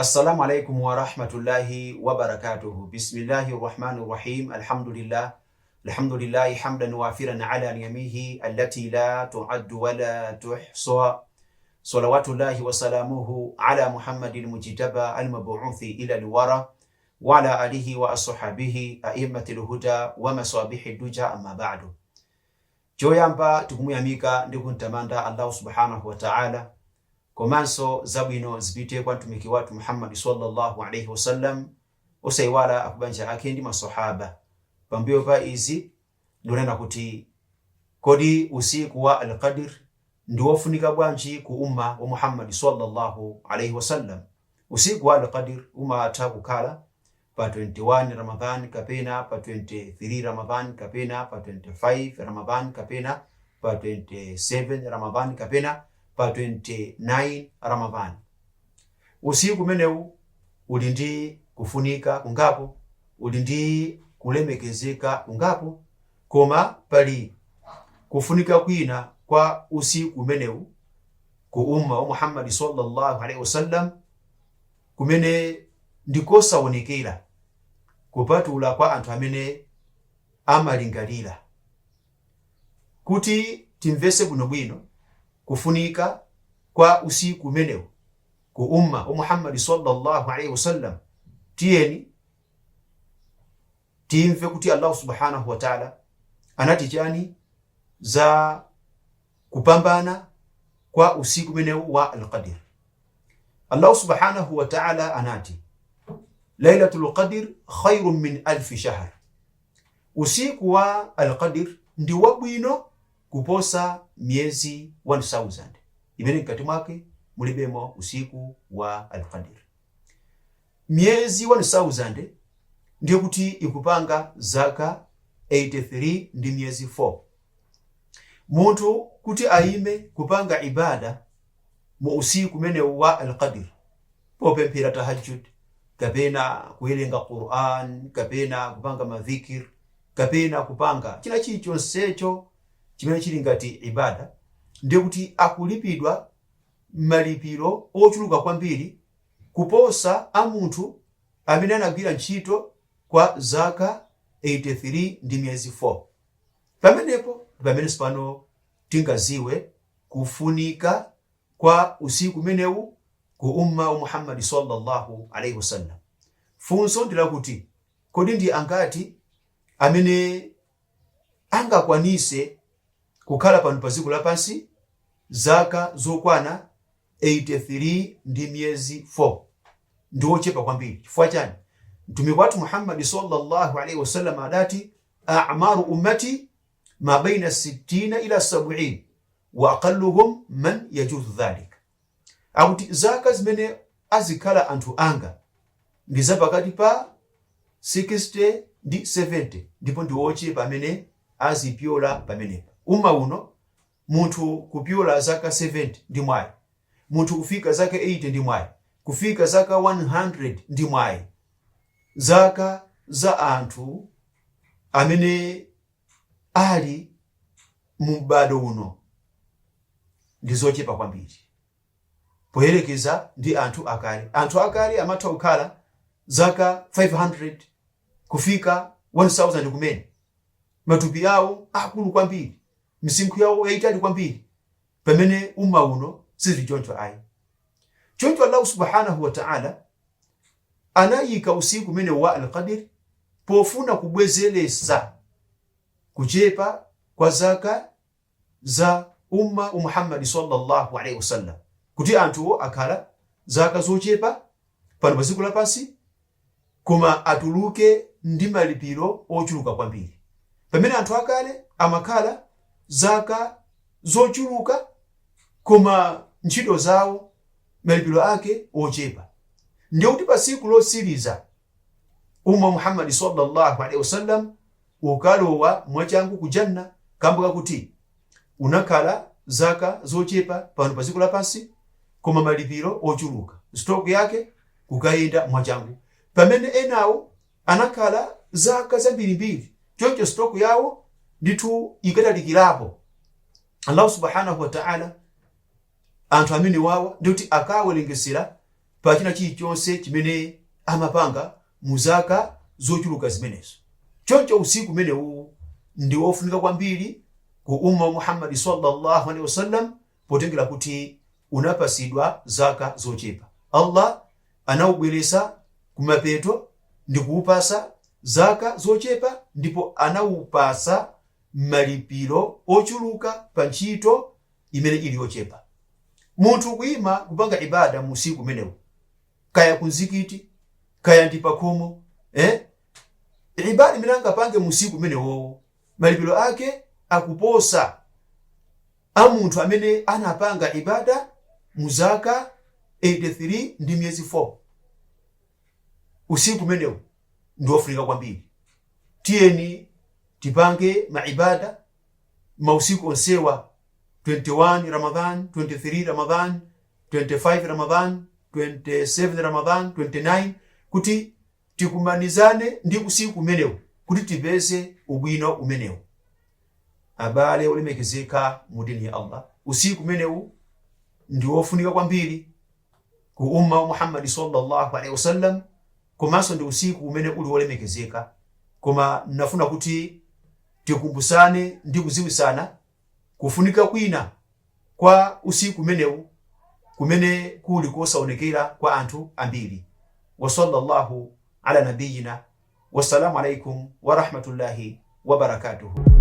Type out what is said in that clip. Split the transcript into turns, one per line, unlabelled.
Assalamu alaikum warahmatullahi wabarakatuhu. Bismillahi rahmani rahim. Alhamdulillah alhamdulillahi hamdan wafiran ala niyamihi allati la tuaddu wala tuhsa salawatullahi wasalamuhu ala muhammadin mujitaba almabuuthi ila lwara wala alihi wa ashabihi aimati lhuda wa masabihi duja amma ba'du. Joyamba tikumuyamika ndikuntamanda Allah subhanahu wa ta'ala komanso zabwino zipite kwa mtumiki watu Muhammad sallallahu alaihi wasallam usaiwala akubanja akendi masohaba pambiyo pa izi ndonena kuti kodi usiku wa alqadr ndiwofunika bwanji ku umma wa Muhammad sallallahu alaihi wasallam usiku wa alqadr umatha kukhala pa 21 Ramadhan kapena pa 23 Ramadhan kapena pa 25 Ramadhan kapena pa 27 Ramadhan kapena pa 29 Ramadhan. Usiku menewu uli ndi kufunika kungapo, uli ndi kulemekezeka kungapo, koma pali kufunika kwina kwa usiku umenewu ku umma wa Muhammadi sallallahu alaihi wasallam kumene ndikosaonekera kupatula kwa anthu amene amalingalira kuti timvese bwinobwino kufunika kwa usiku meneo ku umma wa Muhammad sallallahu alaihi wasallam tieni timve kuti Allah subhanahu wa ta'ala anati chani za kupambana kwa usiku meneo wa alqadir Allah subhanahu wa ta'ala anati Lailatul Qadr khairun min alfi shahr, usiku wa Al-Qadr ndi wabwino kuposa miezi 1000 ibere mkati mwake mulibemo usiku wa alqadiri miezi 1000 ndiyo kuti ikupanga zaka 83 ndi miezi 4 munthu kuti ayime kupanga ibada mu usiku mene wa pope popemphera tahajjud kapena kuwerenga Quran kapena kupanga madhikir kapena kupanga china chii chimene chili ngati ibada kuti akulipidwa malipiro ochuluka kwambiri kuposa a munthu amene anagwira ntchito kwa zaka 83 ndi miyezi 4 pamenepo pamene pano tingaziwe kufunika kwa usiku umenewu ku umma wa Muhammadi sallallahu alaihi wasallam funso ndilakuti kodi ndi angati amene angakwanise kukhala pano pa dziko lapansi zaka zokwana 83 ndi miyezi 4 ndi wochepa kwambiri chifukwa chani mtumiki wathu muhammadi sallallahu alaihi wasallam adati a'maru ummati ma baina 60 ila 70 wa aqalluhum man yajuzu dhalik akuti zaka zimene azikhala anthu anga ndi pakati pa 60 ndi 70 ndipo ndi wochepa amene azipyola pamenepo umma uno munthu kupyula zaka 70 ndi mwayi munthu kufika zaka 80 ndi mwayi kufika zaka 100 ndi mwayi zaka za anthu amene ali mu m'bado uno ndi zochepa kwambiri poyerekeza ndi anthu akale anthu akale amatha kukhala zaka 500 kufika 1000 kumene matupi awo akulu kwambiri msinku yawo yaitali kwambiri pamene umma uno sili ayi choncho allahu subhanahu wataala anayika usiku mene wa alqadiri pofuna kubwezelesa kuchepa kwa zaka za umma umuhammadi sallallahu alaihi wasallam kuti anthuwo akhala zaka zochepa pano pa lapansi koma atuluke ndi malipiro ochuluka kwambiri pamene anthu akale amakhala zaka zochuluka koma ntchito zawo malipiro ake ochepa ndio kuti pa siku losiriza umma muhammadi sallallahu alaihi wasallam ukalowa mwachangu kujanna kambo kuti unakhala zaka zochepa pano pa siku lapansi koma malipiro ochuluka stock yake kukayenda mwachangu pamene enawo anakhala zaka zambirimbiri choncho stock yawo nditu ikatalikilapo allah subhanahu wataala anthu amene wawa ndikuti akawerengesera pa china chilichonse chimene amapanga muzaka zochuluka zimenezo choncho usiku umenewu ndi wofunika kwambiri ku umma wa muhammadi sallallahu alaihi wasallam potengera kuti unapasidwa zaka zochepa allah anawubweresa kumapeto ndikuupasa zaka zochepa ndipo anawupasa malipiro ochuluka pa ntchito imene ili yochepa munthu kuima kupanga ibada musiku menewo kaya kumzikiti kaya ndi pakhomo eh? ibada imene angapange musiku usiku umenewowo malipiro ake akuposa a munthu amene anapanga ibada mu zaka 83 ndi miyezi 4 usiku umenewu ndiwofunika ofunika kwambiri tiyeni tipange maibada mausiku onsewa 21 Ramadhan 23 Ramadhan 25 Ramadhan 27 Ramadhan 29 kuti tikumanizane ndi usiku umenewo kuti tipeze ubwino umenewo abale olemekezeka mudini ya Allah usiku umenewu ndiwofunika kwambiri ku umma wa Muhammad sallallahu alaihi wasallam komanso ndi usiku umene uli wolemekezeka koma nafuna kuti tikumbusane ndi kuziwisana kufunika kwina kwa usiku kumenewu kumene kuli kosaonekera kwa anthu ambiri wa sallallahu ala nabiyina wassalamu alaikum warahmatullahi wabarakatuhu